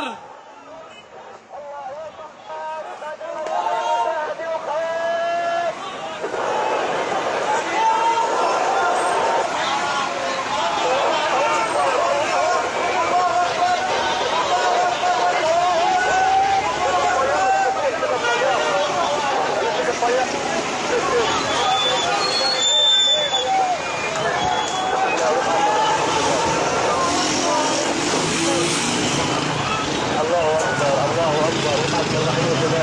Qatar Allah'a emanet olun.